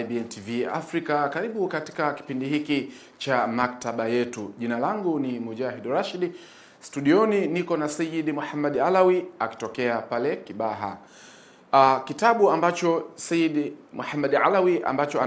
IBN TV Africa. Karibu katika kipindi hiki cha maktaba yetu. Jina langu ni Mujahid rashidi studioni niko na Sayyid Muhammad Alawi akitokea pale Kibaha. Uh, kitabu ambacho Said Muhammad Alawi ambacho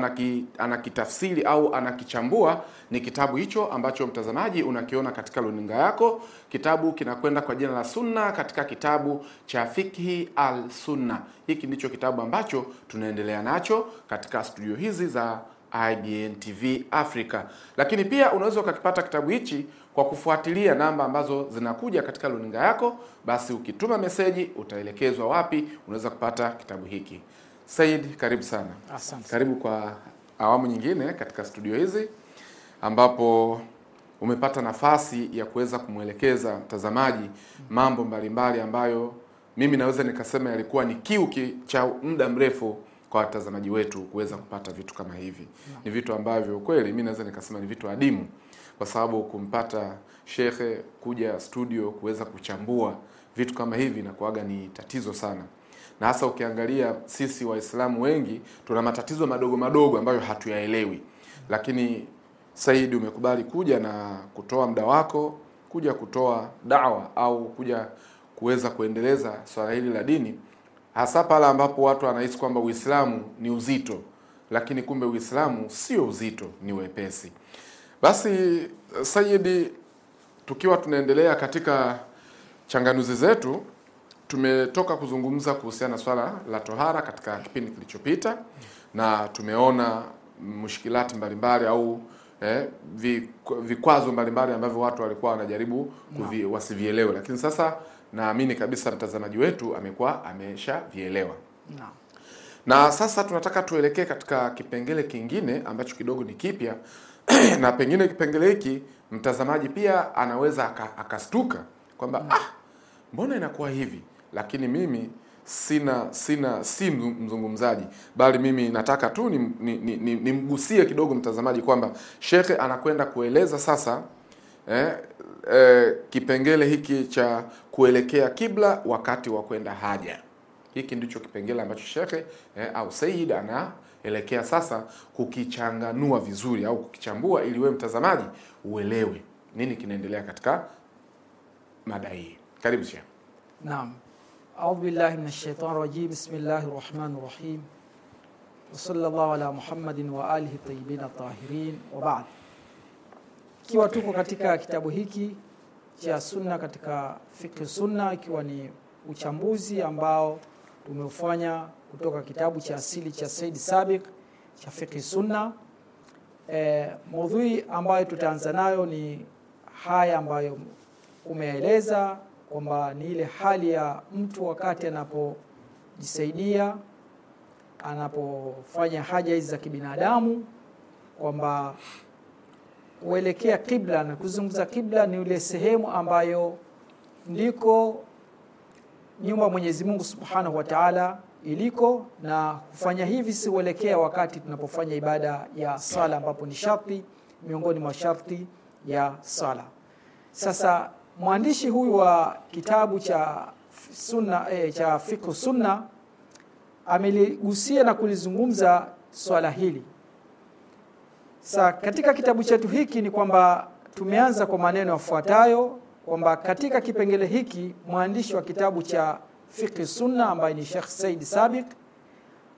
anakitafsiri anaki au anakichambua ni kitabu hicho ambacho mtazamaji unakiona katika luninga yako. Kitabu kinakwenda kwa jina la Sunna katika kitabu cha Fikhi al Sunna. Hiki ndicho kitabu ambacho tunaendelea nacho katika studio hizi za IBN TV Africa. Lakini pia unaweza ukakipata kitabu hichi kwa kufuatilia namba ambazo zinakuja katika luninga yako, basi ukituma meseji utaelekezwa wapi unaweza kupata kitabu hiki. Said, karibu sana. Asante. Karibu kwa awamu nyingine katika studio hizi ambapo umepata nafasi ya kuweza kumwelekeza mtazamaji mambo mbalimbali ambayo mimi naweza nikasema yalikuwa ni kiu cha muda mrefu kwa watazamaji wetu kuweza kupata vitu kama hivi yeah. Ni vitu ambavyo kweli mimi naweza nikasema ni vitu adimu, kwa sababu kumpata shekhe kuja studio kuweza kuchambua vitu kama hivi na kuaga ni tatizo sana, na hasa ukiangalia sisi Waislamu wengi tuna matatizo madogo madogo ambayo hatuyaelewi, lakini Saidi, umekubali kuja na kutoa muda wako kuja kutoa dawa au kuja kuweza kuendeleza swala hili la dini hasa pale ambapo watu wanahisi kwamba Uislamu ni uzito, lakini kumbe Uislamu sio uzito, ni wepesi. Basi Sayidi, tukiwa tunaendelea katika changanuzi zetu, tumetoka kuzungumza kuhusiana na swala la tohara katika kipindi kilichopita, na tumeona mushkilati mbalimbali au eh, vikwazo mbalimbali ambavyo watu walikuwa wanajaribu kuvi, wasivielewe, lakini sasa naamini kabisa mtazamaji wetu amekuwa ameshavielewa no. Na sasa tunataka tuelekee katika kipengele kingine ambacho kidogo ni kipya na pengine kipengele hiki mtazamaji pia anaweza akastuka kwamba mm. Ah, mbona inakuwa hivi? Lakini mimi sina sina si mzungumzaji, bali mimi nataka tu nimgusie ni, ni, ni kidogo mtazamaji kwamba shekhe anakwenda kueleza sasa eh, eh, kipengele hiki cha kuelekea kibla wakati wa kwenda haja. Hiki ndicho kipengele ambacho shekhe eh, au Said anaelekea sasa kukichanganua vizuri au kukichambua, ili wewe mtazamaji uelewe nini kinaendelea katika mada hii. Karibu shekhe. Naam. A'udhu billahi minash shaitani rajim. Bismillahir rahmanir rahim. Wa sallallahu ala Muhammadin wa alihi tayyibin tahirin wa ba'd. Ikiwa tuko katika kitabu hiki cha sunna katika fiqh sunna, ikiwa ni uchambuzi ambao tumeufanya kutoka kitabu cha asili cha Said sabik cha fiqh sunna. E, maudhui ambayo tutaanza nayo ni haya ambayo umeeleza kwamba ni ile hali ya mtu wakati anapojisaidia anapofanya haja hizi za kibinadamu kwamba kuelekea kibla, na kuzungumza kibla ni ile sehemu ambayo ndiko nyumba Mwenyezi Mungu Subhanahu wa Ta'ala iliko, na kufanya hivi si uelekea wakati tunapofanya ibada ya sala, ambapo ni sharti miongoni mwa sharti ya sala. Sasa mwandishi huyu wa kitabu cha sunna, e, cha fiqh sunna ameligusia na kulizungumza swala hili Sa katika kitabu chetu hiki ni kwamba tumeanza kwa maneno yafuatayo kwamba katika kipengele hiki mwandishi wa kitabu cha Fiqh Sunna ambaye ni Sheikh Said Sabiq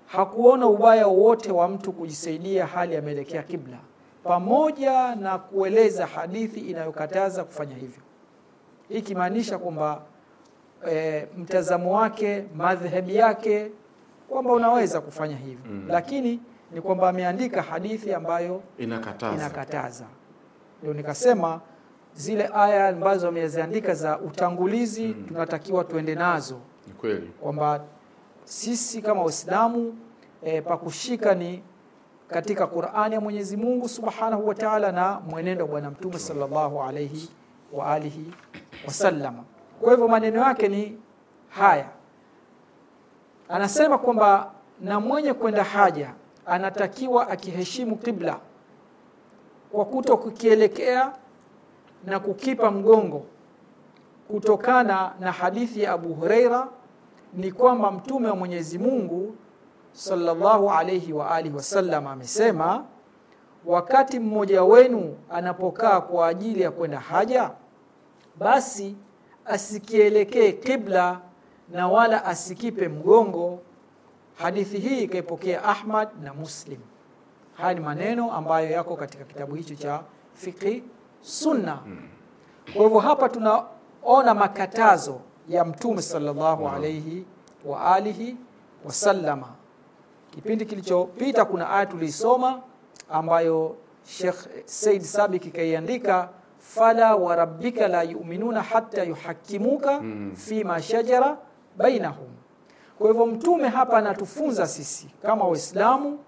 hakuona ubaya wowote wa mtu kujisaidia hali ameelekea kibla, pamoja na kueleza hadithi inayokataza kufanya hivyo. Hii ikimaanisha kwamba e, mtazamo wake, madhehebi yake kwamba unaweza kufanya hivyo mm. lakini ni kwamba ameandika hadithi ambayo inakataza, inakataza. Ndio nikasema zile aya ambazo ameziandika za utangulizi mm. tunatakiwa tuende nazo, ni kweli kwamba sisi kama Waislamu e, pa kushika ni katika Qur'ani ya Mwenyezi Mungu Subhanahu wa Ta'ala na mwenendo wa Bwana Mtume sallallahu alayhi wa alihi wasallam. Kwa hivyo maneno yake ni haya, anasema kwamba na mwenye kwenda haja anatakiwa akiheshimu kibla kwa kuto kukielekea na kukipa mgongo kutokana na hadithi ya Abu Huraira ni kwamba mtume wa Mwenyezi Mungu sallallahu alayhi wa alihi wasallam amesema wakati mmoja wenu anapokaa kwa ajili ya kwenda haja basi asikielekee kibla na wala asikipe mgongo Hadithi hii ikaipokea Ahmad na Muslim. Haya ni maneno ambayo yako katika kitabu hicho cha fiqhi Sunna. Kwa hivyo hapa tunaona makatazo ya Mtume sallallahu alaihi wa alihi wasallama. Kipindi kilichopita kuna aya tuliisoma ambayo shekh Said Sabik ikaiandika fala warabbika la yu'minuna hatta yuhakimuka hmm. fima shajara bainahum kwa hivyo mtume hapa anatufunza sisi kama Waislamu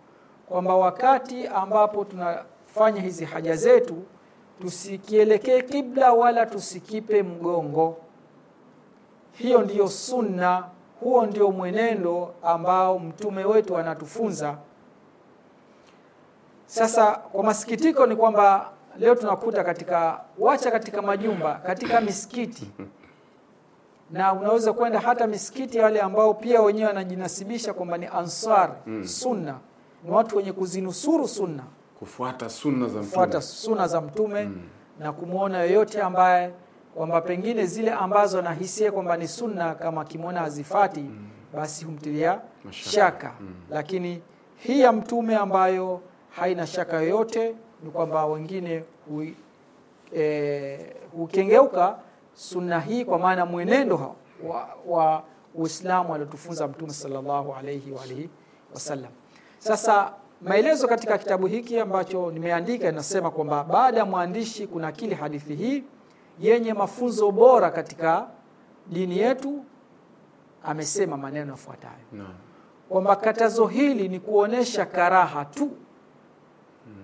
kwamba wakati ambapo tunafanya hizi haja zetu tusikielekee kibla wala tusikipe mgongo. Hiyo ndiyo sunna, huo ndio mwenendo ambao mtume wetu anatufunza. Sasa kwa masikitiko ni kwamba leo tunakuta katika wacha, katika majumba, katika misikiti na unaweza kwenda hata misikiti wale ambao pia wenyewe wanajinasibisha kwamba ni ansar mm. sunna ni watu wenye kuzinusuru sunna kufuata sunna za mtume, sunna za mtume mm. na kumwona yoyote ambaye kwamba pengine zile ambazo anahisia kwamba ni sunna kama akimwona hazifati mm. basi humtilia Mashaka. shaka mm. lakini hii ya mtume ambayo haina shaka yoyote ni kwamba wengine hui, e, hukengeuka sunna hii kwa maana mwenendo wa, wa Uislamu aliotufunza Mtume sallallahu alayhi wa alihi wasallam. Sasa maelezo katika kitabu hiki ambacho nimeandika inasema kwamba baada ya mwandishi kuna kile hadithi hii yenye mafunzo bora katika dini yetu, amesema maneno yafuatayo no. kwamba katazo hili ni kuonesha karaha tu,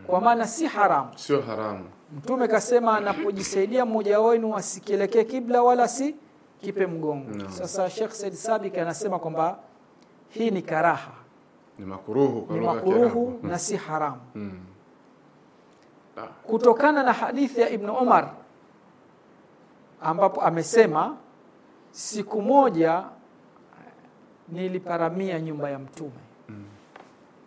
kwa maana si haramu, sio haramu Mtume kasema anapojisaidia mmoja wenu asikielekee kibla wala si kipe mgongo no. Sasa Sheikh Said Sabik anasema kwamba hii ni karaha, ni makuruhu, ni makuruhu na si haramu hmm. Ah. Kutokana na hadithi ya Ibn Umar ambapo amesema siku moja niliparamia nyumba ya Mtume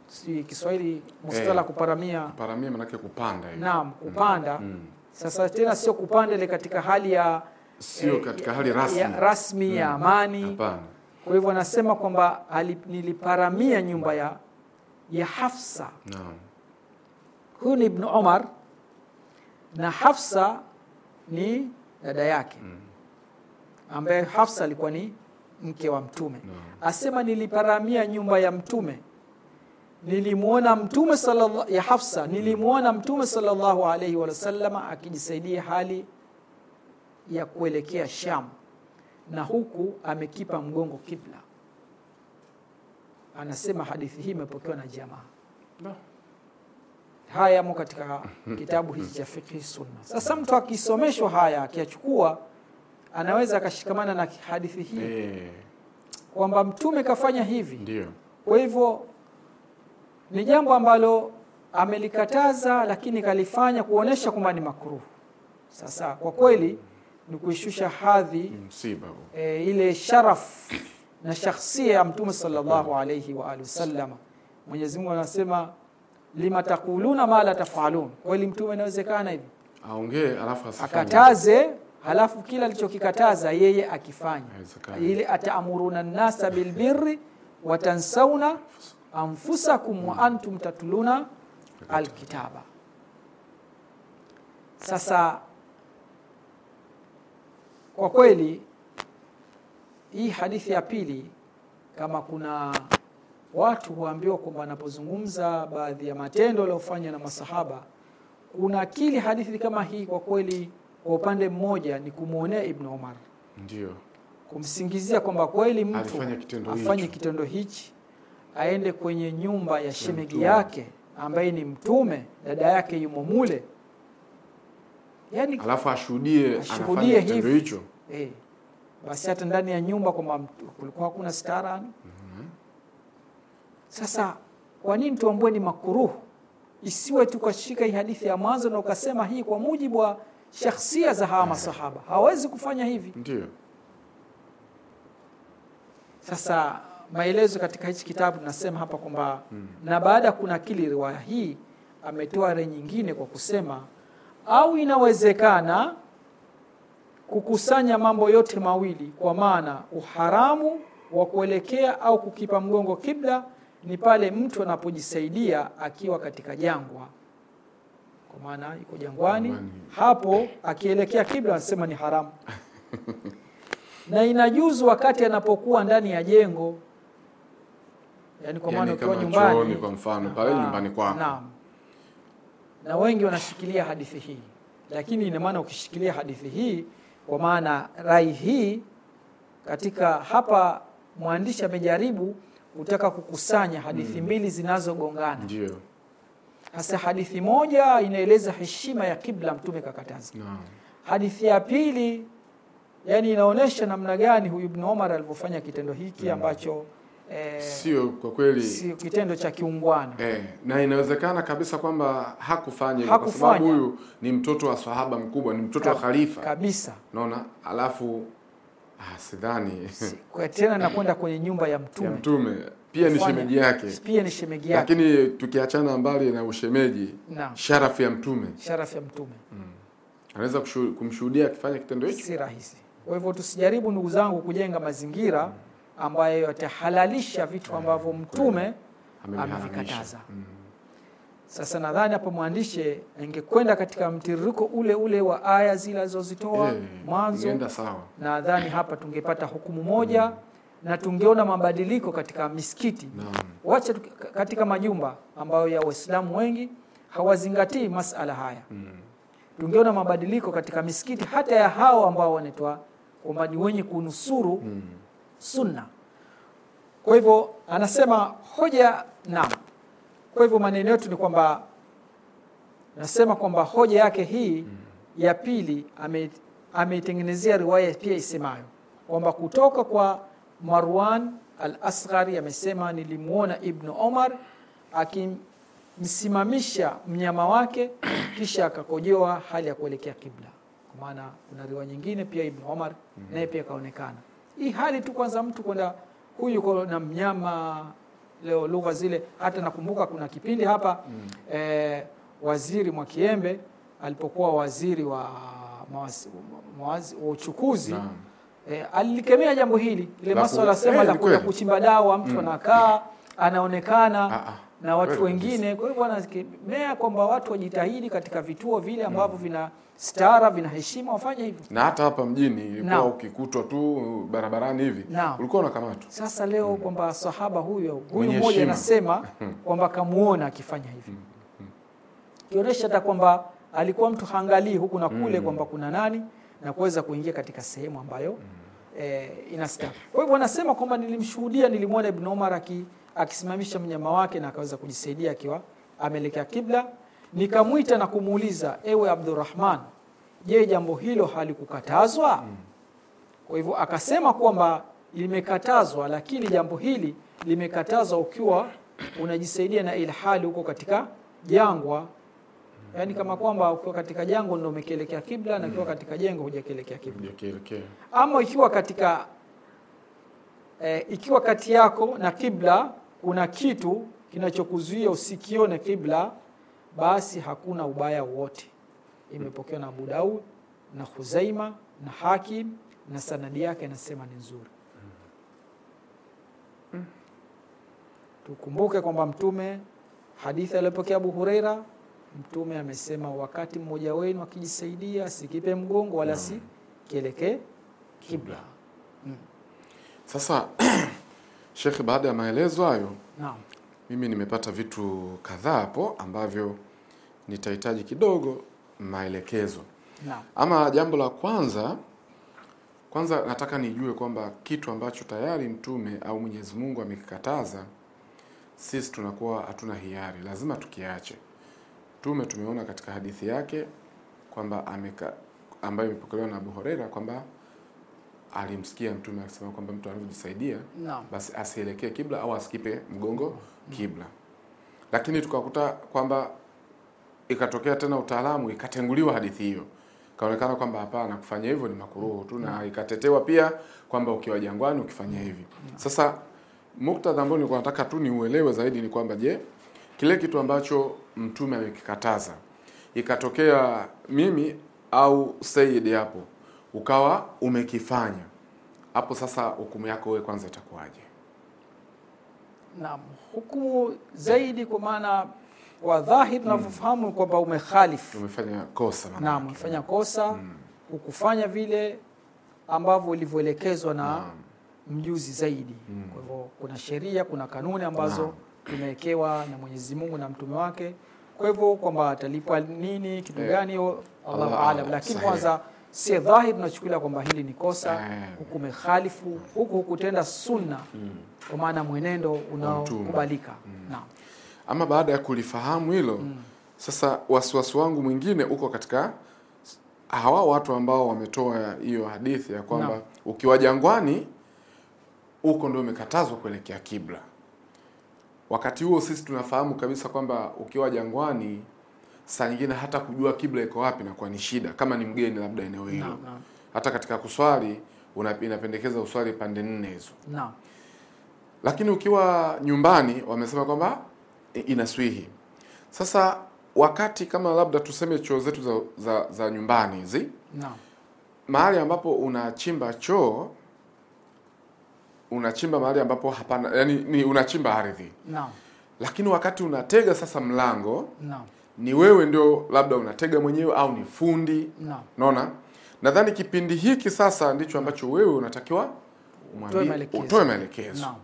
si Kiswahili mustala eh, kuparamia. Kuparamia maana yake kupanda hiyo. Naam, kupanda. Mm. mm. Sasa tena sio kupanda ile katika hali ya sio eh, katika hali rasmi ya, rasmi mm. ya amani. Hapana. Kwa hivyo anasema kwamba niliparamia nyumba ya ya Hafsa. Naam. Huyu ni Ibn Omar na Hafsa ni dada yake mm. ambaye Hafsa alikuwa ni mke wa Mtume no. Asema niliparamia nyumba ya Mtume nilimuona mtume ya Hafsa, nilimuona mtume salllahu alaihi wasalama akijisaidia hali ya kuelekea Sham, na huku amekipa mgongo kibla. Anasema hadithi hii imepokewa na jamaa haya yamo katika kitabu hichi cha fikhi sunna. Sasa mtu akisomeshwa haya akiyachukua, anaweza akashikamana na hadithi hii eh. kwamba mtume kafanya hivi, kwa hivyo ni jambo ambalo amelikataza lakini kalifanya kuonesha kwamba ni makruhu. Sasa kwa kweli ni kuishusha hadhi e, ile sharaf na shakhsia ya Mtume sallallahu alaihi wa alihi wasallam. Mwenyezi Mungu anasema lima takuluna ma la tafalun, kweli Mtume inawezekana hivi aongee alafu asifanye, akataze halafu kila alichokikataza yeye akifanya, ile ataamuruna nnasa bilbirri watansauna anfusakum wa antum tatluna alkitaba. Sasa kwa kweli hii hadithi ya pili, kama kuna watu huambiwa kwamba wanapozungumza baadhi ya matendo yaliyofanywa na masahaba kuna kili hadithi kama hii, kwa kweli, kwa upande mmoja ni kumwonea Ibn Umar, ndio kumsingizia kwamba kweli mtu afanye kitendo hichi aende kwenye nyumba ya shemegi yake ambaye ni mtume, dada yake yumo mule, yani alafu ashuhudie anafanya kitendo hicho eh. Basi hata ndani ya nyumba kwamba kulikuwa hakuna stara. mm -hmm. Sasa kwa nini tuambue ni makuruhu, isiwe tukashika hii hadithi ya mwanzo na ukasema hii kwa mujibu wa shakhsia za hawa masahaba hawawezi kufanya hivi. ndio Sasa maelezo katika hichi kitabu nasema hapa kwamba mm. na baada ya kunakili riwaya hii ametoa re nyingine kwa kusema, au inawezekana kukusanya mambo yote mawili, kwa maana uharamu wa kuelekea au kukipa mgongo kibla ni pale mtu anapojisaidia akiwa katika jangwa, kwa maana iko jangwani hapo akielekea kibla anasema ni haramu na inajuzu wakati anapokuwa ndani ya jengo yani kwa yaani maana yani ukiwa nyumbani kwa mfano pale nyumbani kwako. Naam, na wengi wanashikilia hadithi hii, lakini ina maana ukishikilia hadithi hii, kwa maana rai hii katika hapa mwandishi amejaribu kutaka kukusanya hadithi mm. mbili zinazogongana ndio hasa. Hadithi moja inaeleza heshima ya kibla, mtume kakataza. Naam, hadithi ya pili yani inaonyesha namna gani huyu Ibn Omar alivyofanya kitendo hiki ambacho Eh, sio kwa kweli, sio kitendo cha kiungwana eh, na inawezekana kabisa kwamba hakufanya hivyo kwa sababu huyu ni mtoto wa sahaba mkubwa, ni mtoto Ka, wa khalifa kabisa, naona alafu ah, sidhani si, kwa tena nakwenda kwenye nyumba ya mtume ya mtume pia ni shemeji yake, pia ni shemeji yake, lakini tukiachana mbali na ushemeji na sharafu ya mtume, sharafu ya mtume mm. anaweza kumshuhudia akifanya kitendo hicho, si rahisi. Kwa hivyo tusijaribu ndugu zangu kujenga mazingira hmm ambayo yatahalalisha vitu ambavyo mtume amevikataza. Sasa nadhani hapa mwandishi angekwenda katika mtiririko ule ule wa aya zile alizozitoa hey, eh, mwanzo. Nadhani hapa tungepata hukumu moja mm. na tungeona mabadiliko katika misikiti no. Wacha katika majumba ambayo ya Waislamu wengi hawazingatii masala haya mm. tungeona mabadiliko katika misikiti hata ya hao ambao wanaitwa kwamba ni wenye kunusuru mm sunna. Kwa hivyo anasema hoja, na, Kwa hivyo maneno yetu ni kwamba nasema kwamba hoja yake hii mm. ya pili ameitengenezea ame riwaya pia isemayo kwamba kutoka kwa Marwan al-Asghari amesema, nilimwona Ibnu Omar akimsimamisha mnyama wake kisha akakojoa hali ya kuelekea kibla. Kwa maana kuna riwaya nyingine pia Ibnu Omar mm -hmm. naye pia kaonekana hii hali tu kwanza mtu kwenda huyu na mnyama leo lugha zile. Hata nakumbuka kuna kipindi hapa mm. e, waziri Mwakiembe alipokuwa waziri wa, mawazi, wa uchukuzi e, eh, alikemea jambo hili ile maswala sema eh, la kuja kuchimba dawa mtu mm. anakaa anaonekana ah, ah na watu wengine. Kwa hivyo wanasemea kwamba watu wajitahidi katika vituo vile ambavyo vina stara vina heshima, wafanye hivyo. Na hata hapa mjini ilikuwa ukikutwa tu uh, barabarani hivi ulikuwa unakamatwa. Sasa leo hmm. kwamba sahaba huyo huyu mmoja anasema mm. kwamba kamuona akifanya hivi mm. mm. mm. hata kwamba alikuwa mtu haangalii huku na kule hmm. kwamba kuna nani na kuweza kuingia katika sehemu ambayo hmm. eh, inastara. Kwa hivyo anasema kwamba nilimshuhudia, nilimwona Ibn Omar aki akisimamisha mnyama wake na akaweza kujisaidia akiwa ameelekea kibla. Nikamwita na kumuuliza, ewe Abdurrahman, je, jambo hilo halikukatazwa? Kwa hivyo akasema kwamba limekatazwa, lakini jambo hili limekatazwa ukiwa unajisaidia na ilhali huko katika jangwa yani kama kwamba ukiwa katika jangwa ndio umekielekea kibla na ukiwa katika jengo hujakielekea kibla. Ama ikiwa katika e, ikiwa kati yako na kibla kuna kitu kinachokuzuia usikione kibla, basi hakuna ubaya wote. Imepokewa na Abu Daud na khuzaima na Hakim na sanadi yake inasema ni nzuri. Tukumbuke kwamba Mtume, hadithi aliyopokea Abu Huraira, Mtume amesema wakati mmoja wenu akijisaidia sikipe mgongo wala hmm. si kielekee kibla. Hmm. Sasa Shekhe, baada ya maelezo hayo, naam, mimi nimepata vitu kadhaa hapo ambavyo nitahitaji kidogo maelekezo. Naam. Ama jambo la kwanza, kwanza nataka nijue kwamba kitu ambacho tayari Mtume au Mwenyezi Mungu amekikataza sisi tunakuwa hatuna hiari, lazima tukiache. Mtume tumeona katika hadithi yake kwamba ambayo imepokelewa na Abu Huraira kwamba alimsikia Mtume akisema kwamba mtu anavyojisaidia no. basi asielekee kibla au asikipe mgongo mm. kibla, lakini tukakuta kwamba ikatokea tena utaalamu, ikatenguliwa hadithi hiyo, kaonekana kwamba hapana, kufanya hivyo ni makuruhu tu na mm. ikatetewa pia kwamba ukiwa jangwani ukifanya hivi no. Mm. Sasa muktadha ambao nilikuwa nataka tu uelewe zaidi ni kwamba je, kile kitu ambacho Mtume amekikataza ikatokea mimi au Said hapo ukawa umekifanya hapo, sasa hukumu yako wewe kwanza itakuwaje? Naam, hukumu zaidi kwa maana kwa dhahiri tunavyofahamu kwamba umekhalifu, umefanya kosa. Naam, umefanya kosa mm. ukufanya vile ambavyo ulivyoelekezwa na Naam. mjuzi zaidi mm. kwa hivyo kuna sheria, kuna kanuni ambazo tumewekewa na Mwenyezi Mungu na mtume wake, kwa hivyo kwamba atalipwa nini, kitu eh. gani, Allahu alam, lakini kwanza si dhahir, tunachukulia kwamba hili ni kosa, eh. huku mehalifu, huku hukutenda sunna mm. kwa maana mwenendo unaokubalika. Naam, mm. ama baada ya kulifahamu hilo mm. Sasa wasiwasi wangu mwingine uko katika hawa watu ambao wametoa hiyo hadithi ya kwamba ukiwa jangwani huko ndio umekatazwa kuelekea kibla. Wakati huo sisi tunafahamu kabisa kwamba ukiwa jangwani saa nyingine hata kujua kibla iko wapi na kwa ni shida, kama ni mgeni labda eneo hilo no, no. Hata katika kuswali una, inapendekeza uswali pande nne hizo no. Lakini ukiwa nyumbani wamesema kwamba inaswihi. Sasa wakati kama labda tuseme choo zetu za, za, za nyumbani hizi no. Mahali ambapo unachimba choo unachimba mahali ambapo hapana, yani ni unachimba ardhi no. Lakini wakati unatega sasa mlango no ni wewe ndio labda unatega mwenyewe au ni fundi no. Naona nadhani kipindi hiki sasa ndicho ambacho wewe unatakiwa utoe maelekezo no.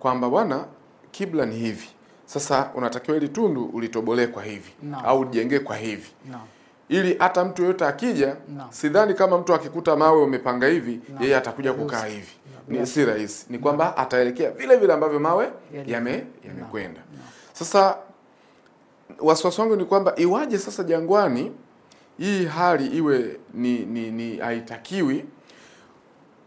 kwamba bwana, kibla ni hivi sasa, unatakiwa ili tundu ulitobolee kwa hivi no. au ujengee kwa hivi no ili hata mtu yoyote akija no. Sidhani kama mtu akikuta mawe umepanga hivi no. Yeye atakuja kukaa hivi no. Ni si rahisi, ni kwamba no. Ataelekea vile vile ambavyo mawe yamekwenda yame no. no. Sasa wasiwasi wangu ni kwamba iwaje sasa Jangwani hii hali iwe ni, ni, ni haitakiwi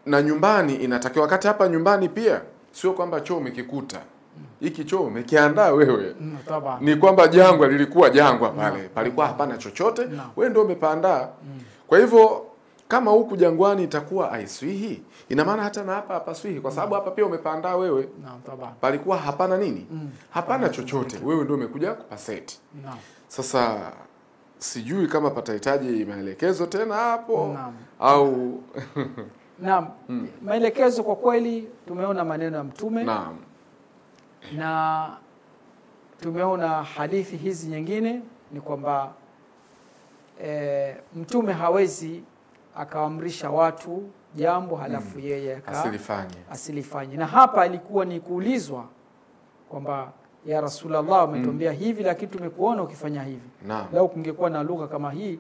na nyumbani inatakiwa, wakati hapa nyumbani pia sio kwamba choo umekikuta hiki choo umekiandaa wewe Mtaba. Mm, ni kwamba jangwa mm. lilikuwa jangwa mm. pale palikuwa hapana chochote wewe ndio umepandaa kwa hivyo kama huku Jangwani itakuwa aiswihi ina maana hata na hapa hapaswihi, kwa sababu mm. hapa pia umepandaa wewe. Naam, palikuwa hapana nini, mm. hapana chochote, wewe ndio umekuja kupaseti. Naam, sasa sijui kama patahitaji maelekezo tena hapo Naam. au Naam. hmm. Maelekezo kwa kweli tumeona maneno ya Mtume Naam. na tumeona hadithi hizi nyingine, ni kwamba e, Mtume hawezi akaamrisha watu jambo halafu hmm. yeye asilifanye asilifanye. Na hapa ilikuwa ni kuulizwa kwamba ya Rasulullah, umetuambia hmm. hivi, lakini tumekuona ukifanya hivi. Lau kungekuwa na lugha kama hii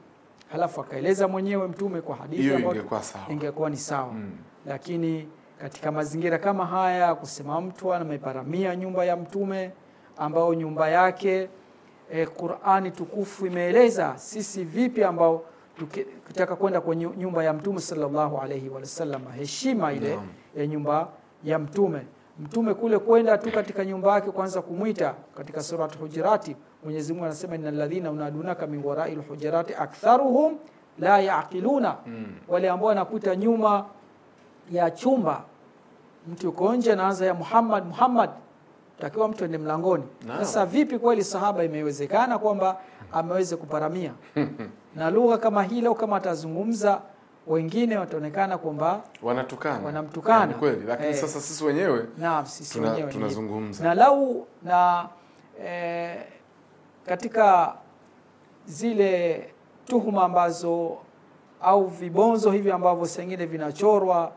halafu akaeleza mwenyewe mtume kwa hadithi ambayo ingekuwa ingekuwa ni sawa mm. Lakini katika mazingira kama haya kusema mtu ameparamia nyumba ya mtume ambao nyumba yake e, Qur'ani tukufu imeeleza sisi vipi ambao tukitaka kwenda kwenye nyumba ya mtume sallallahu alaihi wasallam, heshima ile ya nyumba ya mtume mtume kule kwenda tu katika nyumba yake kwanza kumwita. Katika Surat Hujurati Mwenyezi Mungu anasema inna alladhina unadunaka min warai lhujurati aktharuhum la yaqiluna mm. wale ambao wanakuta nyuma ya chumba, mtu yuko nje naanza ya Muhammad Muhammad, takiwa mtu ende mlangoni. Sasa no. vipi kweli sahaba imewezekana kwamba ameweze kuparamia na lugha kama hilo, kama atazungumza wengine wataonekana kwamba wanatukana wanamtukana yaani kweli, lakini eh, sasa sisi wenyewe na sisi tuna, wenyewe tunazungumza na lau na eh, katika zile tuhuma ambazo au vibonzo hivi ambavyo sengine vinachorwa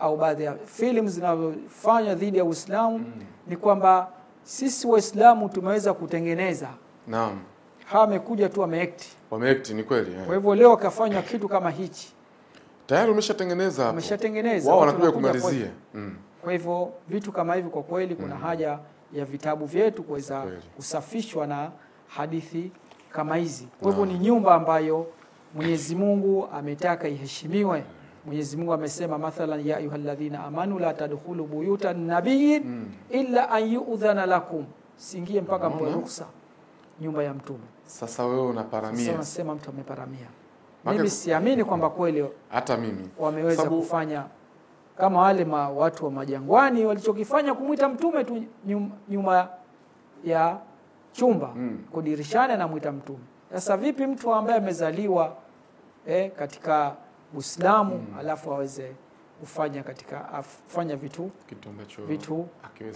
au baadhi ya filamu zinazofanywa dhidi ya Uislamu mm, ni kwamba sisi Waislamu tumeweza kutengeneza naam hawa amekuja tu wameekti, wameekti ni kweli eh. Kwa hivyo leo akafanywa kitu kama hichi tayari umeshatengeneza hapo, umeshatengeneza wao wanakuja kumalizia mm. Kwa hivyo vitu kama hivi kwa kweli kuna mm. haja ya vitabu vyetu kuweza kusafishwa na hadithi kama hizi. Kwa hivyo ni nyumba ambayo Mwenyezi Mungu ametaka iheshimiwe. Mwenyezi Mungu amesema mathalan, ya ayyuhalladhina amanu la tadkhulu buyutan nabiyyin mm. illa an yu'dhana lakum, siingie mpaka mpe ruksa nyumba ya mtume. Sasa wewe unaparamia. Sasa unasema mtu ameparamia. Mimi siamini kwamba kweli hata mimi wameweza Sabu... kufanya kama wale ma, watu wa majangwani walichokifanya kumwita mtume tu nyuma ya chumba mm. kudirishana na mwita mtume. Sasa vipi mtu ambaye amezaliwa eh, katika Uislamu mm. alafu aweze kufanya katika kufanya vitu vitu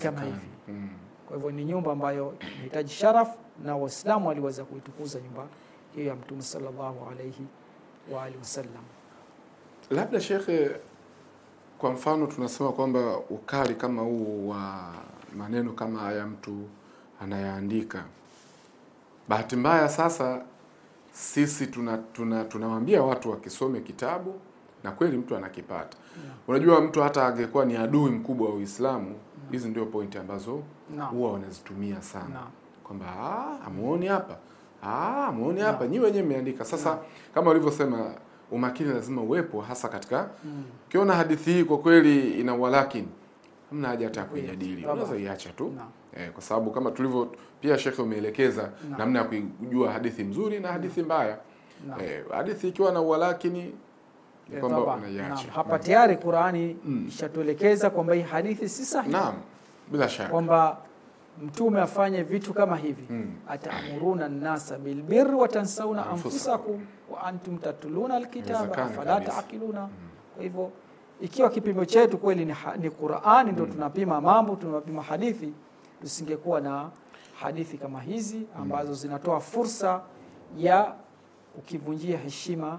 kama hivi mm. Kwa hivyo ni nyumba ambayo inahitaji sharaf, na Waislamu waliweza kuitukuza nyumba hiyo ya Mtume sallallahu alaihi wa alihi wasallam. Labda shekhe, kwa mfano tunasema kwamba ukali kama huu wa maneno kama haya mtu anayaandika, bahati mbaya sasa sisi tunawaambia tuna, tuna watu wakisome kitabu na kweli mtu anakipata yeah. Unajua, mtu hata angekuwa ni adui mkubwa wa Uislamu, hizi yeah. ndio pointi ambazo huwa wanazitumia sana no. kwamba ah, amuoni hapa ah, amuoni hapa nyi wenyewe mmeandika sasa na. kama ulivyosema umakini lazima uwepo hasa katika mm. ukiona hadithi hii kwa kweli ina walakini hamna haja hata ya kuijadili unaweza iacha tu e, kwa sababu kama tulivyo pia shekhe umeelekeza no. namna ya kujua hadithi mzuri na hadithi na. mbaya na. E, eh, hadithi ikiwa na walakini eh, kwamba unaiacha hapa tayari Qurani mm. ishatuelekeza kwamba hii hadithi si sahihi bila shaka kwamba mtume afanye vitu kama hivi hmm. atamuruna nnasa bilbirri watansauna anfusakum wa antum tatuluna alkitaba afala taakiluna hmm. kwa hivyo ikiwa kipimo chetu kweli ni, ni Qur'ani ndio hmm. tunapima mambo tunapima hadithi tusingekuwa na hadithi kama hizi ambazo hmm. zinatoa fursa ya kukivunjia heshima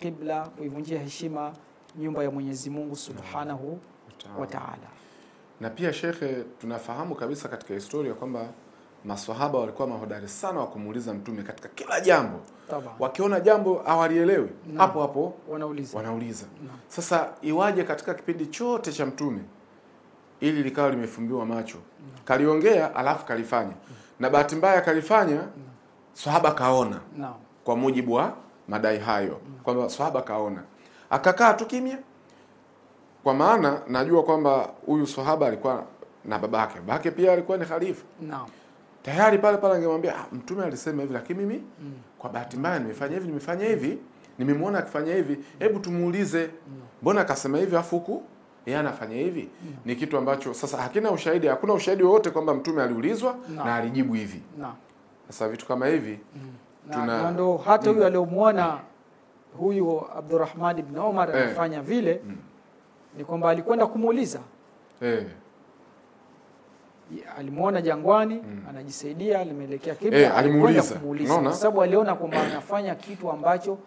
kibla kuivunjia heshima nyumba ya Mwenyezi Mungu hmm. Subhanahu wa Ta'ala na pia shekhe, tunafahamu kabisa katika historia kwamba maswahaba walikuwa mahodari sana wa kumuuliza mtume katika kila jambo. Wakiona jambo hawalielewi hapo hapo wanauliza, wanauliza. Sasa iwaje katika kipindi chote cha mtume ili likawa limefumbiwa macho na, kaliongea alafu kalifanya na, na bahati mbaya kalifanya na, swahaba kaona na, kwa mujibu wa madai hayo kwamba swahaba kaona akakaa tu kimya kwa maana najua kwamba huyu sahaba alikuwa na babake, babake pia alikuwa ni khalifa no. Tayari pale pale angemwambia ah, mtume alisema hivi, lakini mimi mm. kwa bahati mbaya nimefanya hivi nimefanya hivi nimemwona akifanya hivi, hebu tumuulize mm. mbona mm. akasema hivi afu huku yeye anafanya hivi mm. Ni kitu ambacho sasa hakina ushahidi, hakuna ushahidi wowote kwamba mtume aliulizwa no. na alijibu hivi no. Sasa vitu kama hivi mm. tuna ndo hata huyu mm. aliomwona huyu Abdurrahman ibn Omar eh. alifanya vile mm ni kwamba alikwenda kumuuliza hey. Eh. Alimwona jangwani hmm. anajisaidia, limeelekea kibla eh, kwa sababu aliona kwamba anafanya kitu ambacho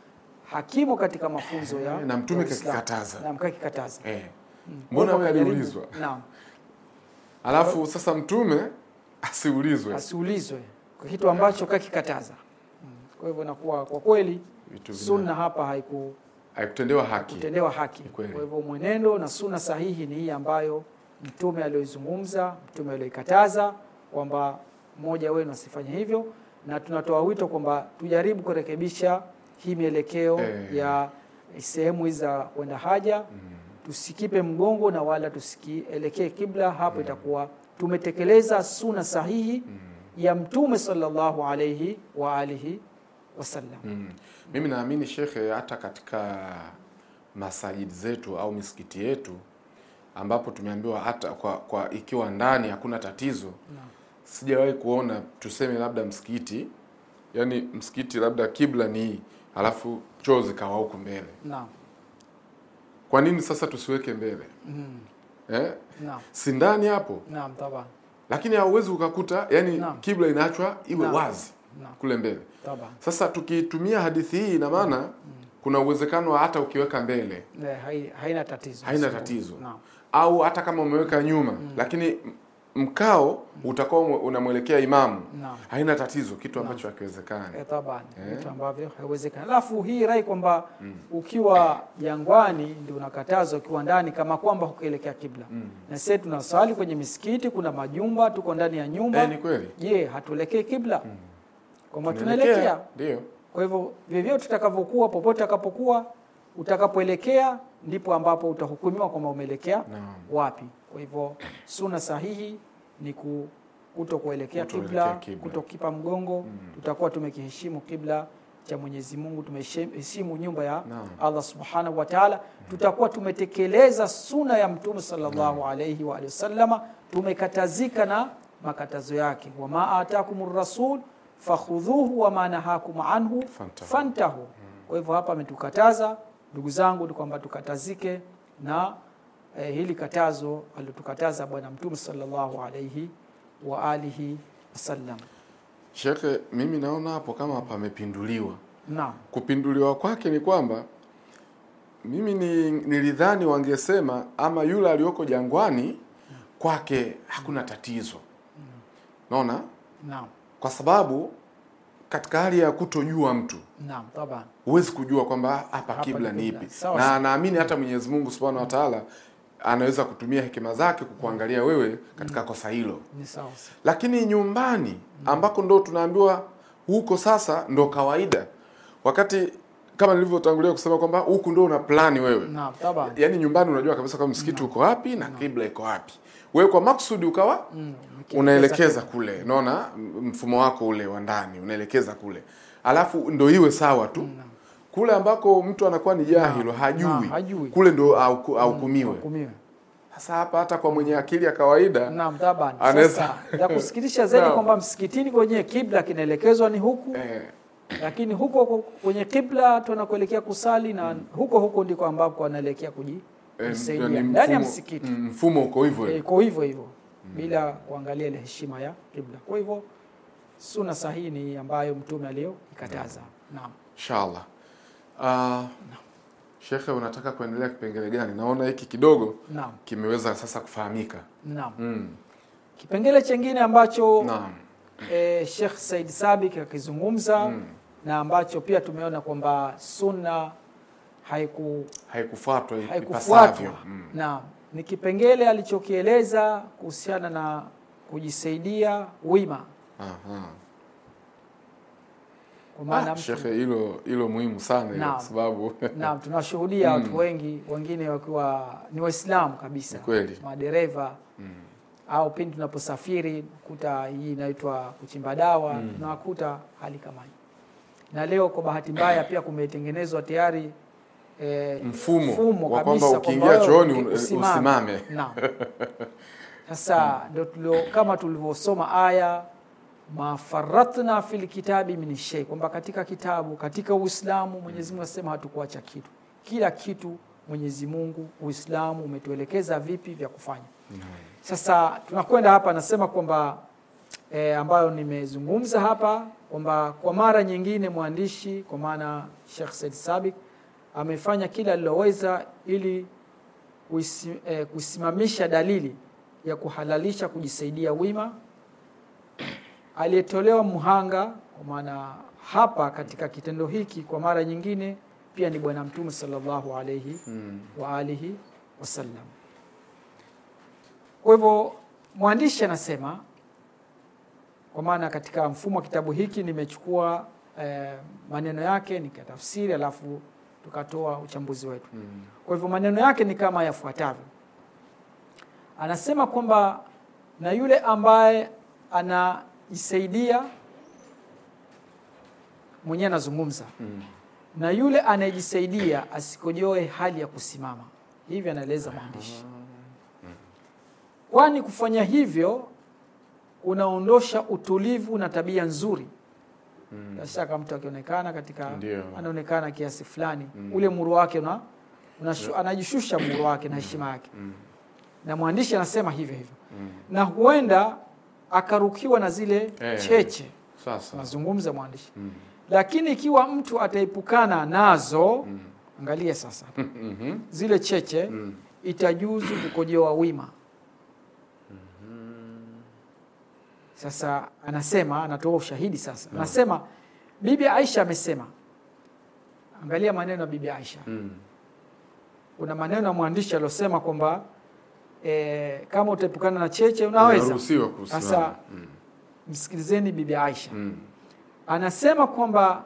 hakimo katika mafunzo ya eh, na mtume kakikataza, na mkakikataza eh. Hmm. Mbona wewe aliulizwa? Naam. Alafu sasa mtume asiulizwe, asiulizwe kwa kitu ambacho kakikataza. Hmm. Kwa hivyo nakuwa kwa kweli sunna hapa haiku haikutendewa haki, kutendewa haki. Kwa hivyo mwenendo na suna sahihi ni hii ambayo mtume aliyoizungumza, mtume aliyoikataza kwamba mmoja wenu asifanye hivyo, na tunatoa wito kwamba tujaribu kurekebisha hii mielekeo e, ya sehemu hizi za wenda haja mm. Tusikipe mgongo na wala tusikielekee kibla hapo, mm. itakuwa tumetekeleza suna sahihi mm. ya mtume sallallahu alayhi wa alihi wasallam. Mm. Mimi naamini shekhe, hata katika masajidi zetu au misikiti yetu ambapo tumeambiwa hata kwa, kwa ikiwa ndani hakuna tatizo no. Sijawahi kuona tuseme labda msikiti yani msikiti labda kibla ni hii alafu choo zikawa huku mbele no. Kwa nini sasa tusiweke mbele mm. eh? no. si ndani hapo no, lakini hauwezi ukakuta yani no. kibla inaachwa iwe no. wazi no. kule mbele Taba. Sasa tukitumia hadithi hii ina maana kuna uwezekano hata ukiweka mbele haina tatizo, haina tatizo. au hata kama umeweka nyuma mm. lakini mkao utakuwa unamwelekea imamu haina tatizo, kitu ambacho hakiwezekani e, eh? vitu ambavyo haiwezekani. Alafu hii rai kwamba mm. ukiwa jangwani ndio unakatazwa, ukiwa ndani kama kwamba hukuelekea kibla mm. na sisi tunaswali kwenye misikiti, kuna majumba, tuko ndani ya nyumba e, ni kweli. Je, hatuelekei kibla mm kwamba tunaelekea. Ndio. Kwa hivyo vyovyote utakavyokuwa, popote utakapokuwa, utakapoelekea ndipo ambapo utahukumiwa kwamba umeelekea no. wapi. Kwa hivyo suna sahihi ni ku kuto kuelekea kibla, kutokipa mgongo mm. Tutakuwa tumekiheshimu kibla cha Mwenyezi Mungu, tumeheshimu nyumba ya no. Allah Subhanahu wa Ta'ala mm. Tutakuwa tumetekeleza suna ya Mtume sallallahu no. alayhi wa alihi wasallama, tumekatazika na makatazo yake, wama atakumur rasul fakhudhuhu wamanahakum anhu fantahu, fantahu. Kwa hivyo hapa ametukataza ndugu zangu, ni kwamba tukatazike na eh, hili katazo alitukataza Bwana Mtume sallallahu alaihi wa alihi wasallam. Shekhe, mimi naona hapo kama pamepinduliwa na kupinduliwa kwake ni kwamba mimi ni, nilidhani wangesema ama yule aliyoko jangwani kwake hakuna tatizo. Mm. Naona naam kwa sababu katika hali ya kutojua mtu huwezi kujua kwamba hapa kibla ni ipi, na naamini hata Mwenyezi Mungu Subhanahu wa Ta'ala anaweza kutumia hekima zake kukuangalia wewe katika mm. kosa hilo, lakini nyumbani mm. ambako ndo tunaambiwa huko sasa ndo kawaida, wakati kama nilivyotangulia kusema kwamba huku ndo una plani wewe, yaani nyumbani unajua kabisa kama msikiti uko wapi na kibla iko wapi wewe kwa maksudi ukawa mm, unaelekeza kule, unaona mfumo wako ule wa ndani unaelekeza kule, alafu ndo iwe sawa tu mm, kule ambako mtu anakuwa ni jahilo hajui, hajui kule ndo ahukumiwe mm, sasa hapa hata kwa mwenye akili ya kawaida naam, tabani anaweza ya kusikitisha zaidi kwamba msikitini kwenye kibla kinaelekezwa ni huku eh, lakini huko kwenye kibla tunakuelekea kusali na mm. huko huko ndiko ambapo anaelekea kuji kusaidia ndani yaani ya msikiti. Mm, mfumo uko hivyo iko eh, hivyo hivyo mm. bila kuangalia ile heshima ya kibla. Kwa hivyo suna sahihi ni ambayo mtume aliyoikataza. Naam, inshallah. Uh, Shekhe, unataka kuendelea kipengele gani? Naona hiki kidogo naam, kimeweza sasa kufahamika. Naam. Mm. Kipengele chengine ambacho naam. E, Sheikh Said Sabik akizungumza mm. na ambacho pia tumeona kwamba sunna haiku haikufuatwa ipasavyo mm. na ni kipengele alichokieleza kuhusiana na kujisaidia wima. Ah, shekhe, hilo hilo muhimu sana kwa sababu naam, tunashuhudia watu mm. wengi wengine wakiwa ni Waislamu kabisa, madereva mm. au pindi tunaposafiri kuta hii inaitwa kuchimba dawa mm. tunawakuta hali kama hii, na leo kwa bahati mbaya pia kumetengenezwa tayari eh, mfumo, mfumo wa kwamba ukiingia chooni usimame. Naam. Sasa ndo tulio kama tulivyosoma aya mafaratna fil kitabi min shay, kwamba katika kitabu, katika Uislamu Mwenyezi Mungu asema hatukuacha kitu, kila kitu Mwenyezi Mungu, Uislamu umetuelekeza vipi vya kufanya. Sasa tunakwenda hapa, nasema kwamba e, ambayo nimezungumza hapa kwamba kwa mara nyingine mwandishi kwa maana Sheikh Said Sabik amefanya kila aliloweza ili eh, kusimamisha dalili ya kuhalalisha kujisaidia wima. Aliyetolewa mhanga, kwa maana hapa katika kitendo hiki kwa mara nyingine pia ni Bwana Mtume sallallahu alayhi hmm, wa alihi wasallam. Kwa hivyo mwandishi anasema, kwa maana katika mfumo wa kitabu hiki nimechukua eh, maneno yake nikatafsiri alafu tukatoa uchambuzi wetu mm. Kwa hivyo maneno yake ni kama yafuatavyo. Anasema kwamba na yule ambaye anajisaidia mwenyewe anazungumza mm. na yule anayejisaidia asikojoe hali ya kusimama, hivi anaeleza mwandishi ah. mm. kwani kufanya hivyo unaondosha utulivu na tabia nzuri mm. Bila shaka mtu akionekana katika anaonekana kiasi fulani mm. ule muru wake una, una shu, anajishusha muru wake na mm. heshima yake mm. na mwandishi anasema hivyo hivyo mm. na huenda akarukiwa na zile hey, eh. cheche sasa nazungumza mwandishi mm. lakini ikiwa mtu ataepukana nazo mm. angalie sasa mhm. zile cheche mm. itajuzu kukojewa wima Sasa anasema anatoa ushahidi sasa, anasema bibi Aisha amesema. Angalia maneno ya bibi Aisha mm. Kuna maneno ya mwandishi aliosema kwamba e, kama utaepukana na cheche unaweza sasa. mm. Msikilizeni bibi Aisha mm. anasema kwamba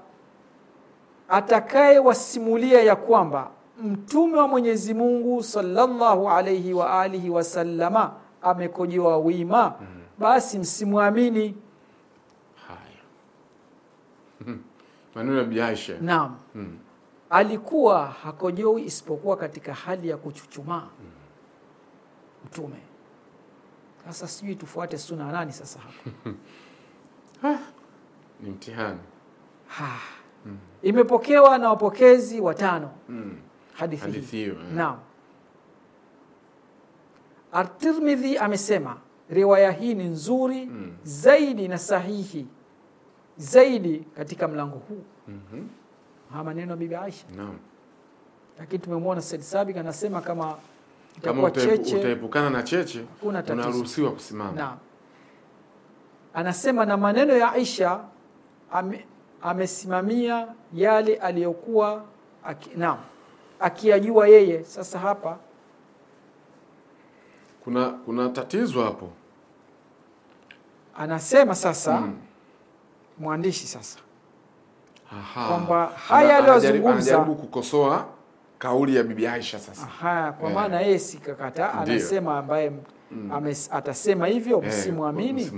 atakayewasimulia ya kwamba mtume wa Mwenyezi Mungu sallallahu alaihi wa alihi wasallama amekojewa wima mm basi msimwamini. Haya maneno ya biasha. Naam. Hmm. Alikuwa hakojoi isipokuwa katika hali ya kuchuchumaa. Hmm. Mtume sasa, sijui tufuate suna nani sasa hapa? Ha, ah, ni mtihani. Ha. Hmm. Imepokewa na wapokezi watano. Hmm. Hadithi hii. Eh. Naam. at amesema riwaya hii ni nzuri mm. zaidi na sahihi zaidi katika mlango huu mm-hmm. ha maneno ya bibi Aisha naam. Lakini tumemwona Said Sabik anasema kama kama utaepukana na cheche unaruhusiwa kusimama. Naam, anasema na maneno ya Aisha ame, amesimamia yale aliyokuwa aki, naam akiyajua yeye. Sasa hapa kuna kuna tatizo hapo anasema sasa mm. mwandishi sasa kwamba haya aliyozungumza kukosoa kauli ya Bibi Aisha sasa. Aha, kwa eh. maana yeye yeye sikakata anasema ambaye mm. atasema hivyo eh, msimwamini.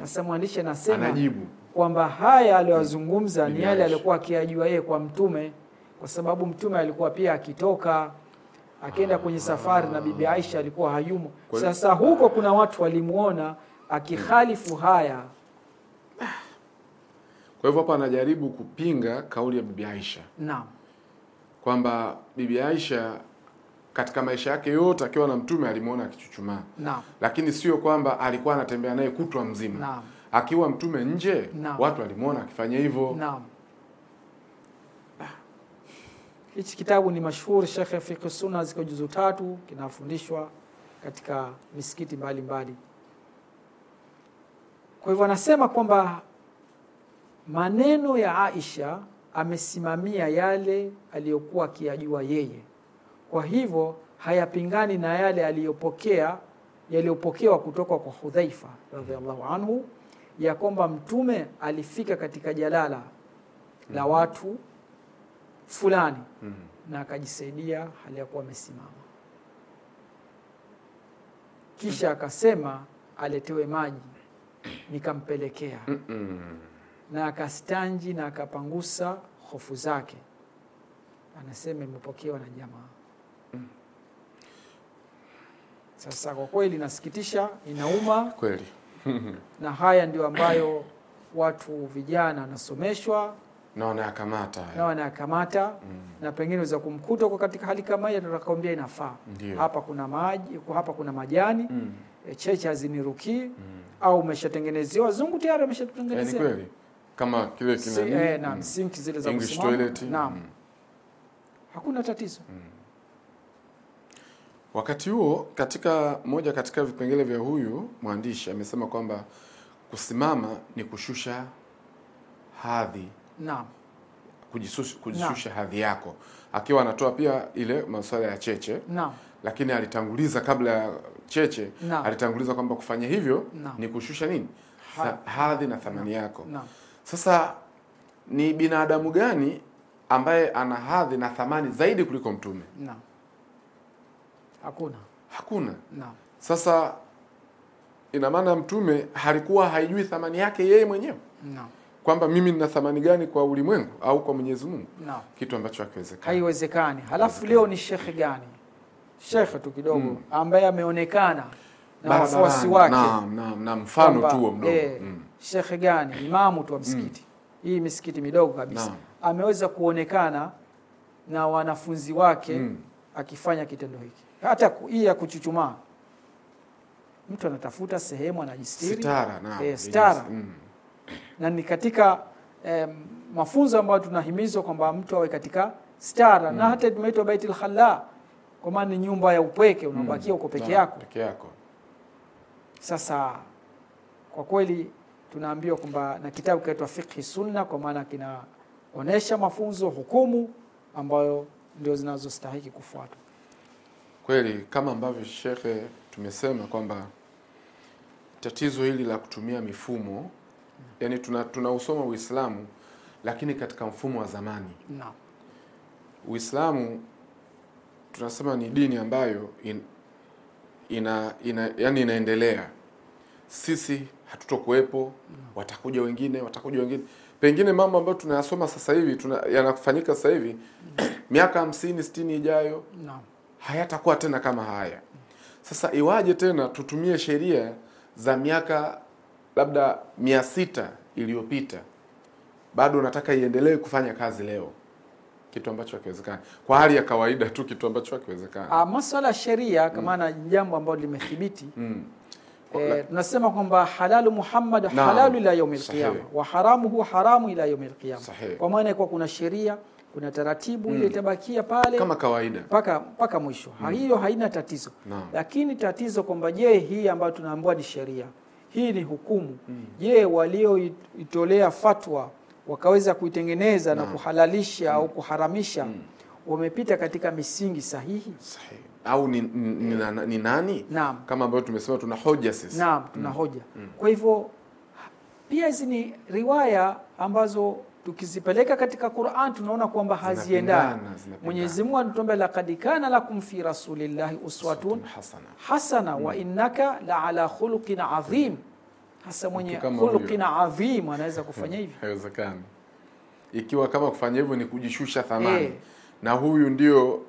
sasa mwandishi anasema anajibu kwamba haya aliyozungumza mm. ni yale aliyokuwa akiyajua yeye kwa mtume, kwa sababu mtume alikuwa pia akitoka akienda ah, kwenye safari na Bibi ah. Aisha alikuwa hayumo. Sasa huko kuna watu walimuona akihalifu haya. Kwa hivyo hapa anajaribu kupinga kauli ya Bibi Aisha. Naam. Kwamba Bibi Aisha katika maisha yake yote akiwa na mtume alimwona akichuchumaa. Naam. Lakini sio kwamba alikuwa anatembea naye kutwa mzima. Naam. Akiwa mtume nje Naam. watu alimwona akifanya hivyo. Naam. Hichi kitabu ni mashuhuri Sheikh Fiqh Sunna, ziko juzu tatu, kinafundishwa katika misikiti mbalimbali mbali. Kwa hivyo anasema kwamba maneno ya Aisha amesimamia yale aliyokuwa akiyajua yeye, kwa hivyo hayapingani na yale aliyopokea yaliyopokewa kutoka kwa Hudhaifa radhiallahu anhu ya kwamba Mtume alifika katika jalala la hmm. watu fulani mm -hmm. na akajisaidia hali ya kuwa amesimama, hmm. kisha akasema aletewe maji nikampelekea mm -mm. na akastanji na akapangusa hofu zake, anasema imepokewa na jamaa mm. Sasa kwa kweli nasikitisha, inauma kweli na haya ndio ambayo watu vijana wanasomeshwa na wanayakamata na wanayakamata mm. na pengine weza kumkuta kwa katika hali kama hii, atakakwambia inafaa hapa kuna maji, hapa kuna majani mm. Eh, cheche hazinirukii mm au umeshatengenezea Wazungu tayari wameshatutengenezea. Eh, ni kweli kama kile kina si, eh, na mm. zile za English toilet. Mm. Naam. Mm. Hakuna tatizo. Mm. Wakati huo katika moja katika vipengele vya huyu mwandishi amesema kwamba kusimama ni kushusha hadhi. Naam. Kujisusha, kujishusha hadhi yako, akiwa anatoa pia ile masuala ya cheche. Naam. Lakini alitanguliza kabla ya Cheche no. alitanguliza kwamba kufanya hivyo no. ni kushusha nini hadhi na thamani no. yako no. Sasa ni binadamu gani ambaye ana hadhi na thamani zaidi kuliko mtume? no. Hakuna, hakuna no. Sasa ina maana mtume halikuwa haijui thamani yake yeye mwenyewe no. kwamba mimi nina thamani gani kwa ulimwengu au kwa Mwenyezi Mungu no. Kitu ambacho hakiwezekani, haiwezekani. Halafu leo ni shekhe gani shekhe tu kidogo mm. ambaye ameonekana na wafuasi wake na, na, na mfano tu mdogo e, mm. shekhe gani imamu tu wa msikiti mm. hii misikiti midogo kabisa na. ameweza kuonekana na wanafunzi wake mm. akifanya kitendo hiki hata hii ya kuchuchumaa mtu anatafuta sehemu anajistiri sitara na, e, eh, stara. Mm. na ni katika eh, mafunzo ambayo tunahimizwa kwamba mtu awe katika stara mm. na hata imeitwa baitul khalla kwa maana ni nyumba ya upweke, unabakia huko mm. peke yako peke yako. Sasa kwa kweli tunaambiwa kwamba na kitabu kinaitwa Fiqhi Sunna, kwa maana kinaonesha mafunzo, hukumu ambayo ndio zinazostahiki kufuatwa. Kweli kama ambavyo shekhe tumesema kwamba tatizo hili la kutumia mifumo no. Yani tunausoma tuna Uislamu lakini katika mfumo wa zamani no. Uislamu tunasema ni dini ambayo in, ina, ina, yani inaendelea. Sisi hatutokuwepo, watakuja wengine, watakuja wengine. Pengine mambo ambayo tunayasoma sasa hivi tuna, yanafanyika sasa hivi miaka hamsini sitini ijayo no. hayatakuwa tena kama haya. Sasa iwaje tena tutumie sheria za miaka labda mia sita iliyopita bado nataka iendelee kufanya kazi leo kitu ambacho hakiwezekani kwa hali ya kawaida tu, kitu ambacho hakiwezekani. Ah, masuala ya sheria kwa mm. maana mm. jambo ambalo limethibiti mm. E, tunasema kwamba halalu Muhammad halalu ila yaumil qiyama wa haramu huwa haramu ila yaumil qiyama, kwa maana kwa kuna sheria kuna taratibu mm. ile itabakia pale kama kawaida mpaka mpaka mwisho mm. hiyo haina tatizo na. Lakini tatizo kwamba je, hii ambayo tunaambiwa ni sheria hii ni hukumu mm. Je, walioitolea fatwa wakaweza kuitengeneza na, na kuhalalisha au mm. kuharamisha mm. wamepita katika misingi sahihi, sahihi. au ni, ni, ni, eh. ni nani? Naam. kama ambavyo tumesema tuna hoja sisi. Naam, tuna mm. hoja mm. kwa hivyo pia hizi ni riwaya ambazo tukizipeleka katika Qur'an tunaona kwamba haziendani. Mwenyezi Mungu anatuambia laqad kana lakum fi rasulillahi uswatun hasana, hasana wa mm. innaka la ala khuluqin adhim mm. Hasa mwenye huluki na adhimu anaweza kufanya hivyo? Haiwezekani. Ikiwa kama kufanya hivyo ni kujishusha thamani e, na huyu ndio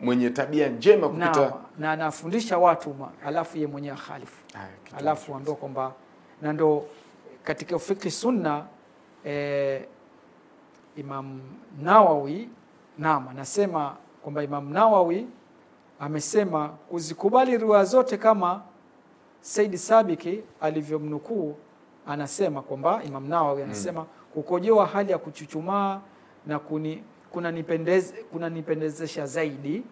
mwenye tabia njema kupita na anafundisha watu ma, alafu ye mwenye khalifu Ay, alafu ambao kwamba na ndo katika ufiki sunna e, Imam Nawawi naam anasema kwamba Imam Nawawi amesema kuzikubali riwaya zote kama Said Sabiki alivyomnukuu anasema kwamba Imam Nawawi hmm. anasema mm. kukojoa hali ya kuchuchumaa na kuni, kuna nipendeze, kuna nipendezesha zaidi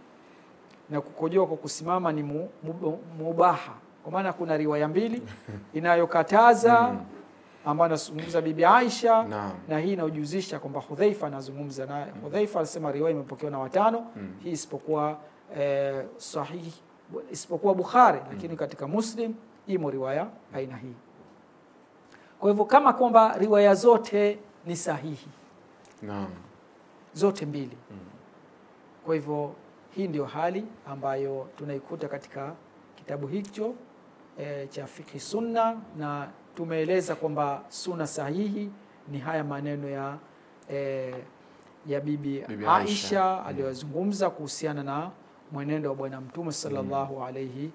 na kukojoa kwa kusimama ni mu, mu, mubaha kwa maana kuna riwaya mbili inayokataza hmm. ambayo anazungumza Bibi Aisha na, na hii inaojuzisha kwamba Hudhaifa anazungumza naye. Hmm. Hudhaifa anasema riwaya imepokewa na watano mm. hii isipokuwa eh, sahihi isipokuwa Bukhari, lakini katika Muslim imo riwaya aina hii. Kwa hivyo kama kwamba riwaya zote ni sahihi. Naam. Zote mbili. Mm. Kwa hivyo hii ndio hali ambayo tunaikuta katika kitabu hicho e, cha fiqhi sunna, na tumeeleza kwamba sunna sahihi ni haya maneno ya e, ya bibi, bibi Aisha, Aisha aliyozungumza kuhusiana na mwenendo wa Bwana Mtume sallallahu mm. alaihi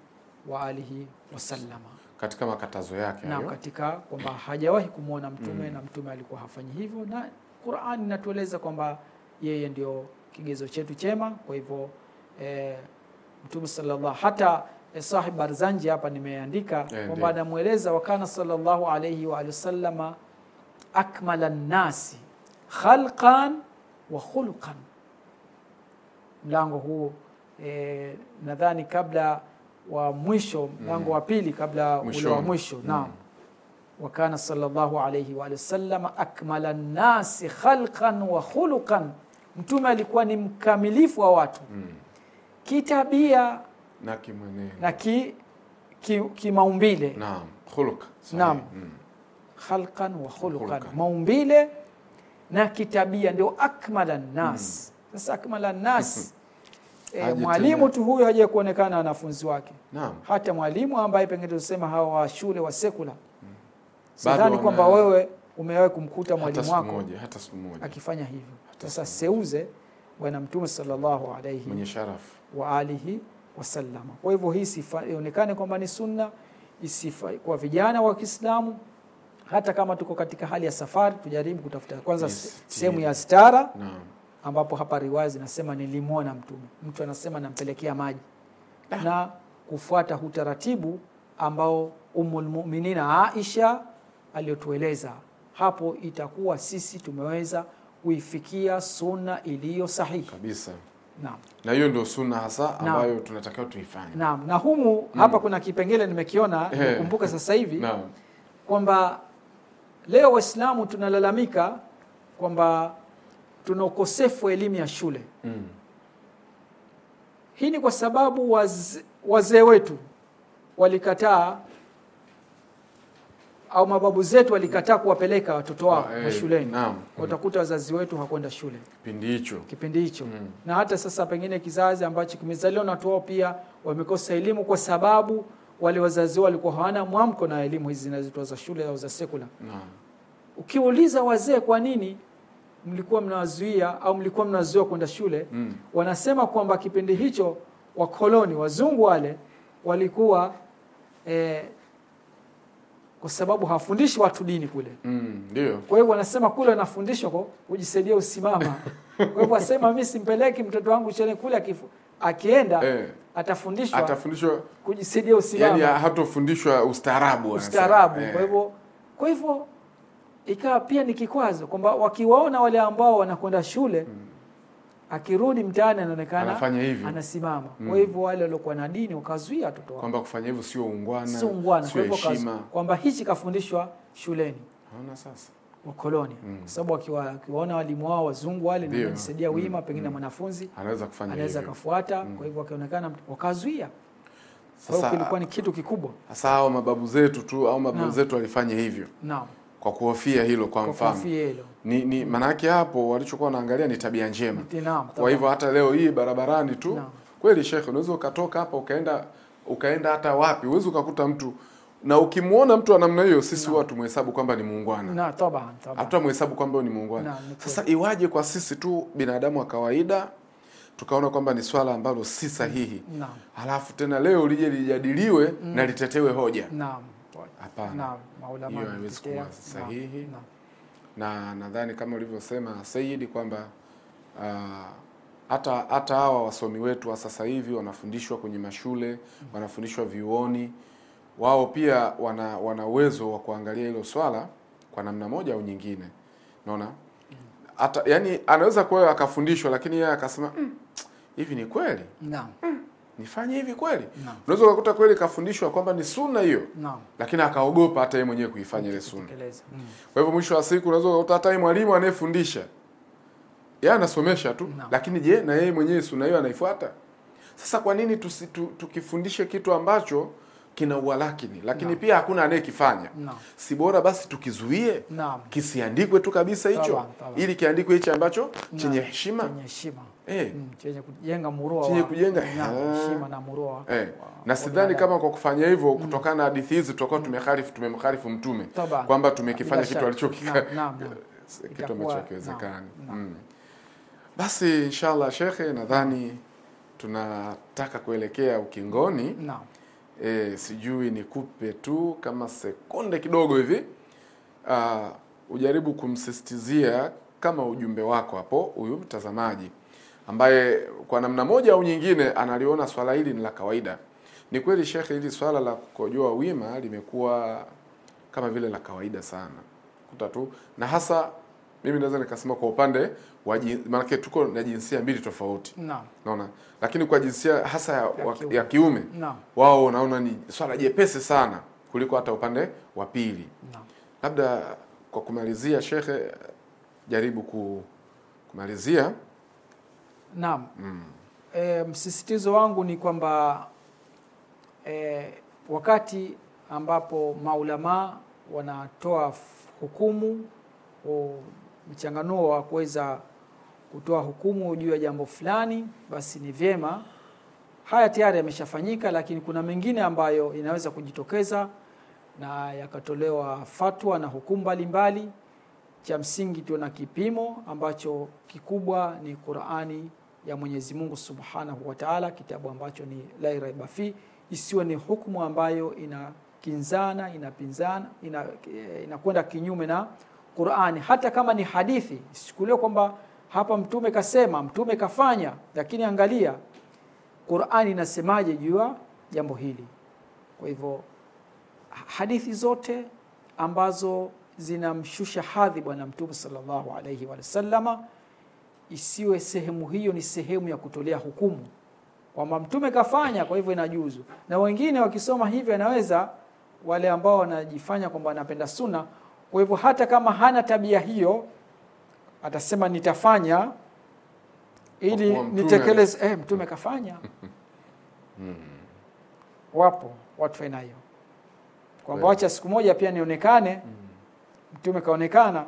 wa alihi wasallama katika makatazo yake na katika kwamba hajawahi kumwona mtume mm. na mtume alikuwa hafanyi hivyo, na Qur'ani inatueleza kwamba yeye ndio kigezo chetu chema. Kwa hivyo e, mtume sallallahu hata e, Sahib Barzanji hapa nimeandika eh, kwamba anamweleza wakana sallallahu alayhi wa alihi wasallama akmala nnasi khalqan wa khuluqan. Mlango huu e, nadhani kabla wa mwisho mm. mlango mm. wa pili kabla ule wa mwisho mm. naam wa kana sallallahu alayhi wa sallam akmala nasi khalqan wa khuluqan, Mtume alikuwa ni mkamilifu wa watu mm. kitabia na kimwenendo na ki kimaumbile ki naam khuluq naam mm. khalqan wa khuluqan, maumbile na kitabia ndio akmala nas. Mm. Sasa mm. akmala nas E, mwalimu tu huyo haja kuonekana wanafunzi wake. Naam. Hata mwalimu ambaye pengine tusema hawa wa shule wa sekula hmm. Sidhani kwamba wewe umewahi kumkuta mwalimu wako hata siku moja akifanya hivyo. Sasa seuze Bwana Mtume sallallahu alayhi mwenye sharaf wa alihi wasallama. Kwa hivyo hii sifa ionekane kwamba ni sunna isifa kwa vijana wa Kiislamu hata kama tuko katika hali ya safari, tujaribu kutafuta kwanza sehemu ya stara. Naam ambapo hapa riwaya zinasema nilimwona Mtume, mtu anasema nampelekea maji na kufuata utaratibu ambao umulmuminina Aisha aliyotueleza hapo, itakuwa sisi tumeweza kuifikia sunna iliyo sahihi kabisa. Naam, na hiyo ndio sunna hasa ambayo tunatakiwa tuifanye. Naam, na humu mm. hapa kuna kipengele nimekiona eh. nikumbuka sasa hivi kwamba leo Waislamu tunalalamika kwamba tuna ukosefu wa elimu ya shule mm. Hii ni kwa sababu wazee waze wetu walikataa au mababu zetu walikataa kuwapeleka watoto wao ah, eh, hey, shuleni. Utakuta wazazi wetu hakwenda shule kipindi hicho kipindi hicho mm. na hata sasa pengine kizazi ambacho kimezaliwa na watu wao pia wamekosa elimu kwa sababu wale wazazi wao walikuwa hawana mwamko na elimu hizi zinazotoa za shule au za sekula. Ukiuliza wazee, kwa nini mlikuwa mnawazuia au mlikuwa mnawazuia kwenda shule mm. wanasema kwamba kipindi hicho wakoloni wazungu wale walikuwa eh, kwa sababu hawafundishi watu dini kule mm, Kwa hivyo wanasema kule wanafundishwa kwa kujisaidia usimama. Kwa hivyo wasema mimi simpeleki mtoto wangu shule kule akifu akienda eh, atafundishwa atafundishwa kujisaidia usimama, yani hatofundishwa ustaarabu ustaarabu. Eh. Kwa hivyo kwa hivyo ikawa pia ni kikwazo kwamba wakiwaona wale ambao wanakwenda shule mm. akirudi mtaani anaonekana anasimama mm. kwa hivyo wale waliokuwa na dini wakazuia watoto wao kwamba kufanya hivyo sio ungwana sio ungwana kwa hivyo kwamba hichi kafundishwa shuleni naona sasa wakoloni mm. kwa sababu akiwa, akiwaona walimu wao wazungu wale na wanajisaidia wima mm. pengine mm. mwanafunzi anaweza kufanya anaweza kafuata mm. kwa hivyo wakionekana wakazuia sasa kilikuwa ni kitu kikubwa sasa hao mababu zetu tu au mababu zetu walifanya hivyo naam kwa kuhofia hilo kwa, kwa mfano ni, ni maanake hapo walichokuwa wanaangalia ni tabia njema. Kwa hivyo hata leo hii barabarani tu na. Kweli shekh unaweza ukatoka hapa ukaenda ukaenda hata wapi, huwezi ukakuta mtu na ukimwona mtu wa namna hiyo, sisi huwa tumhesabu kwamba ni muungwana, hatutamhesabu kwamba ni muungwana. Sasa iwaje kwa sisi tu binadamu wa kawaida tukaona kwamba ni swala ambalo si sahihi, halafu tena leo lije lijadiliwe mm. na litetewe hoja na hapana, hiyo haiwezi kuwa sahihi na, na nadhani kama ulivyosema Saidi kwamba uh, hata hata hawa wasomi wetu wa sasa hivi wanafundishwa kwenye mashule, mm. wanafundishwa vyuoni, wao pia wana wana uwezo wa kuangalia hilo swala kwa namna moja au nyingine. naona mm. hata yani anaweza kuwa akafundishwa, lakini yeye akasema mm, hivi, mm, ni kweli? Naam. Mm nifanye hivi kweli? Unaweza ukakuta kweli kafundishwa kwamba ni sunna hiyo. Lakini akaogopa hata yeye mwenyewe kuifanya ile sunna. Mm. Kwa hivyo mwisho wa siku unaweza ukakuta hata yeye mwalimu anayefundisha yeye anasomesha tu, na, Lakini je, na yeye mwenyewe sunna hiyo anaifuata? Sasa kwa nini tusi, tu, tukifundishe kitu ambacho kina uwalakini lakini na, pia hakuna anayekifanya si bora basi tukizuie kisiandikwe tu kabisa hicho, ili kiandikwe hichi ambacho chenye heshima Eh. Mm, chenye kujenga murua chenye kujenga ah. heshima na murua eh. Na sidhani kama kwa kufanya hivyo mm. kutokana na hadithi hizi tutakuwa tumeharifu tumemharifu mtume kwamba tumekifanya kitu alichokika kitu ambacho mm. Basi inshallah shekhe, nadhani tunataka kuelekea ukingoni na. E, eh, sijui nikupe tu kama sekunde kidogo hivi uh, ujaribu kumsisitizia kama ujumbe wako hapo huyu mtazamaji ambaye kwa namna moja au nyingine analiona swala hili ni la kawaida. Ni kweli shekhe, hili swala la kukojoa wima limekuwa kama vile la kawaida sana kuta tu, na hasa mimi naweza nikasema kwa upande wa maanake tuko na jinsia mbili tofauti no. naona lakini kwa jinsia hasa ya, ya kiume, ya kiume wao naona ni swala jepesi sana kuliko hata upande wa pili. Labda kwa kumalizia, shekhe, jaribu kumalizia Naam. Mm. E, msisitizo wangu ni kwamba e, wakati ambapo maulamaa wanatoa hukumu mchanganuo wa kuweza kutoa hukumu juu ya jambo fulani, basi ni vyema. Haya tayari yameshafanyika, lakini kuna mengine ambayo inaweza kujitokeza na yakatolewa fatwa na hukumu mbalimbali. Cha msingi tuna na kipimo ambacho kikubwa ni Qur'ani ya Mwenyezi Mungu Subhanahu wa Ta'ala, kitabu ambacho ni la raiba fi, isiwe ni hukumu ambayo inakinzana, inapinzana, inakwenda kinyume na Qur'ani. Hata kama ni hadithi, isichukuliwe kwamba hapa mtume kasema, mtume kafanya, lakini angalia Qur'ani inasemaje juu ya jambo hili. Kwa hivyo hadithi zote ambazo zinamshusha hadhi Bwana Mtume sallallahu alaihi wasallama isiwe sehemu hiyo ni sehemu ya kutolea hukumu kwamba mtume kafanya, kwa hivyo inajuzu. Na wengine wakisoma hivyo, anaweza wale ambao wanajifanya kwamba wanapenda suna, kwa hivyo hata kama hana tabia hiyo, atasema nitafanya ili nitekeleze. Eh, mtume kafanya. Hmm. Wapo watu aina hiyo, kwamba wacha siku moja pia nionekane, hmm. mtume kaonekana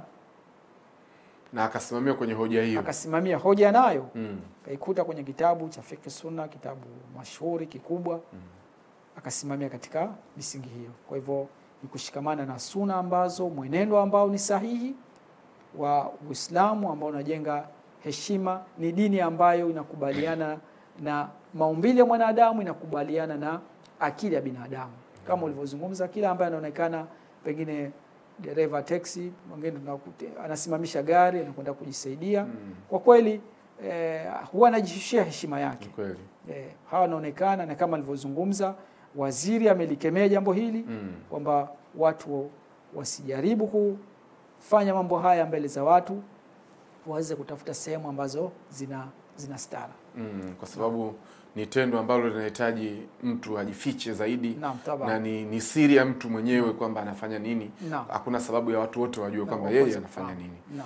na akasimamia kwenye hoja hiyo, akasimamia hoja nayo mm. kaikuta kwenye kitabu cha Fiqh Sunna, kitabu mashuhuri kikubwa mm. akasimamia katika misingi hiyo. Kwa hivyo ni kushikamana na suna ambazo mwenendo ambao ni sahihi wa Uislamu ambao unajenga heshima, ni dini ambayo inakubaliana na maumbile ya mwanadamu, inakubaliana na akili ya binadamu, kama hmm. ulivyozungumza, kila ambaye anaonekana pengine dereva taxi, mwingine anasimamisha gari anakwenda kujisaidia mm. Kwa kweli eh, huwa anajishushia heshima yake eh, hawa wanaonekana na kama alivyozungumza waziri amelikemea jambo hili mm. kwamba watu wasijaribu kufanya mambo haya mbele za watu, waweze kutafuta sehemu ambazo zina, zina stara mm, kwa sababu ni tendo ambalo linahitaji mtu ajifiche zaidi na, na ni, ni siri ya mtu mwenyewe kwamba anafanya nini. Hakuna sababu ya watu wote wajue kwamba yeye anafanya nini. na.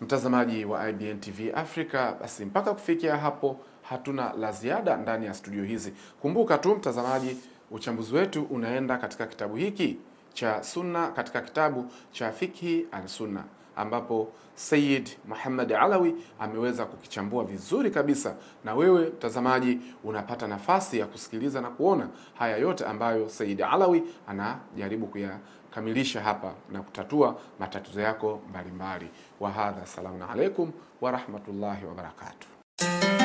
Mtazamaji wa IBN TV Africa, basi mpaka kufikia hapo hatuna la ziada ndani ya studio hizi. Kumbuka tu mtazamaji, uchambuzi wetu unaenda katika kitabu hiki cha Sunna, katika kitabu cha Fikhi al-Sunna ambapo Sayyid Muhammad Alawi ameweza kukichambua vizuri kabisa, na wewe mtazamaji unapata nafasi ya kusikiliza na kuona haya yote ambayo Sayyid Alawi anajaribu kuyakamilisha hapa na kutatua matatizo yako mbalimbali. Wahadha, salamun alaikum warahmatullahi barakatuh.